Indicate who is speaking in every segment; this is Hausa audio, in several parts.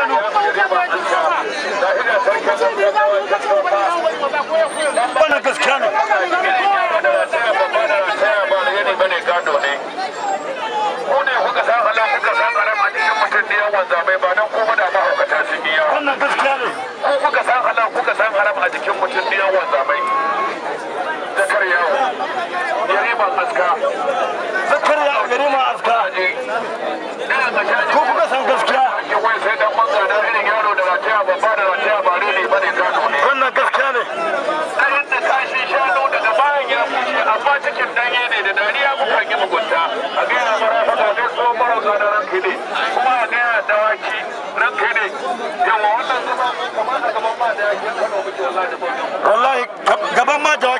Speaker 1: Out bon, danye ne da dariya ku kan yi mugunta a ga yana fara fata sai so mara gada ran kide kuma a ga yana dawaki ran kide yawa wannan zama kamar da gaban ma dawaki wallahi gaban ma dawaki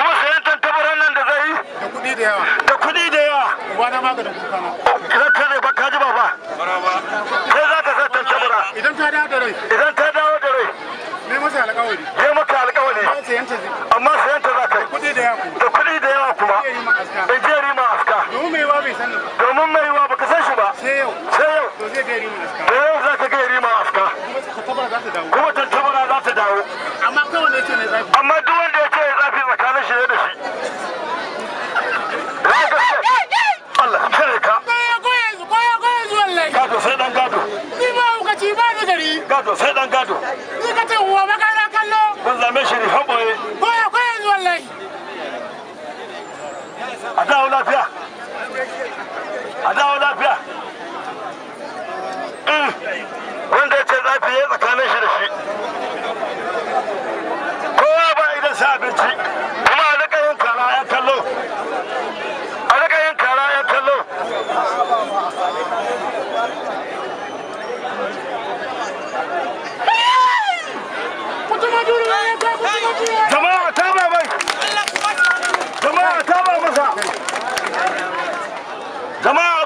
Speaker 1: alkawari ya maka alkawari amma sayan ta za ka yi da kuɗi da yawa kuma bai je rima aska domin mai wa bai sani domin mai wa baka san shi ba sai yau sai yau to zai ga rima aska da yau za ka ga rima aska kuma tantabara za ta dawo amma duk wanda ya ce ya zafi tsakanin shi ne da shi a dawo lafiya a dawo lafiya mm. wanda ya ce zafi ya tsakanin shi da shi kowa ba idan sa abinci Come on!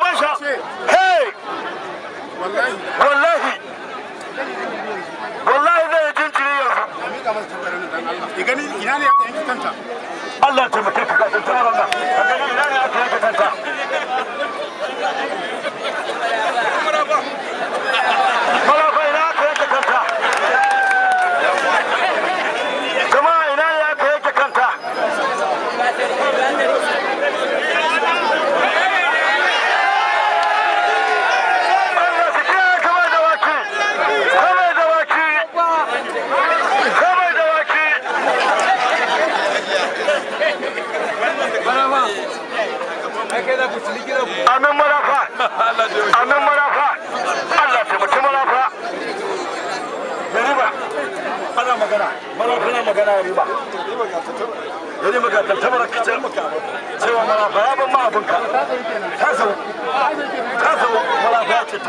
Speaker 1: amin marafa marafa Allah taimaki marafa ana magana marafa na magana tattabar cewa marafa ya ban ta ta marafa ce ta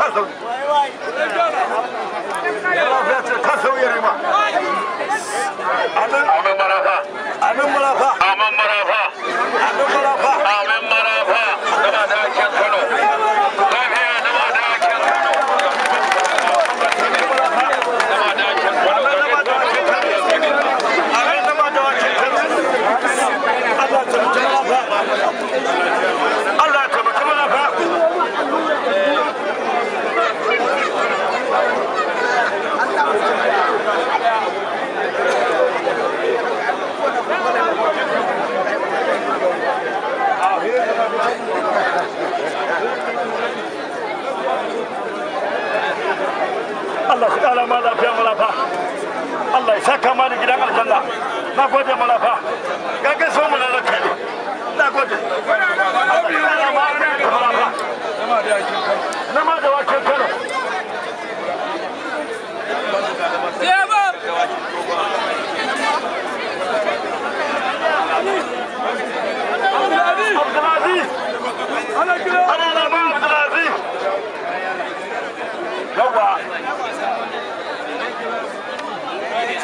Speaker 1: marafa ce ta Allah shi kara ma lafiya malafa Allah ya saka ma gidan aljanna na gode malafa ga ga so mu lalaka ne na gode na ma da wakin kano Abdulaziz! Ana kira! Ana labar!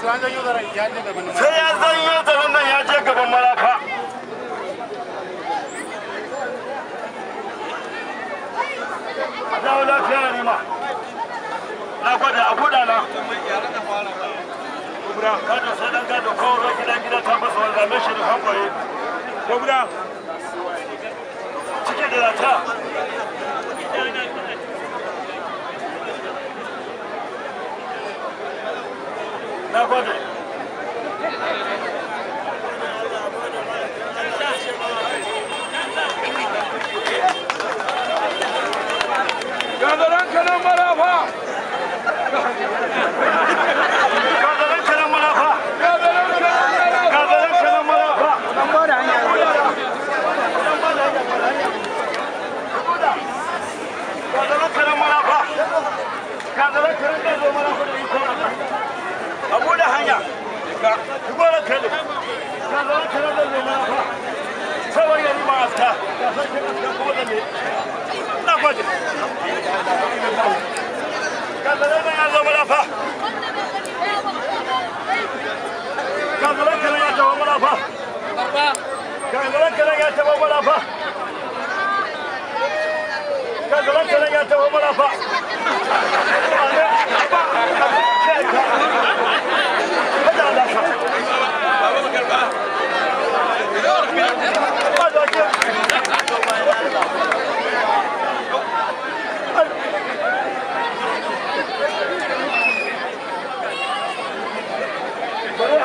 Speaker 1: sai ya zanyo zanen nan ya je gaban marafa lafiya na a na kubra kada sai dan gado ruwa gida gida ta fasa shi da hankali kubra cike da na gode Gadaran kanan marafa! Gadaran kanan marafa! Gadaran kanan marafa! Gadaran kanan marafa! Nan ba da hanya. Gadaran kanan marafa! Gadaran kanan marafa! hanya ka zo ka da ne ko na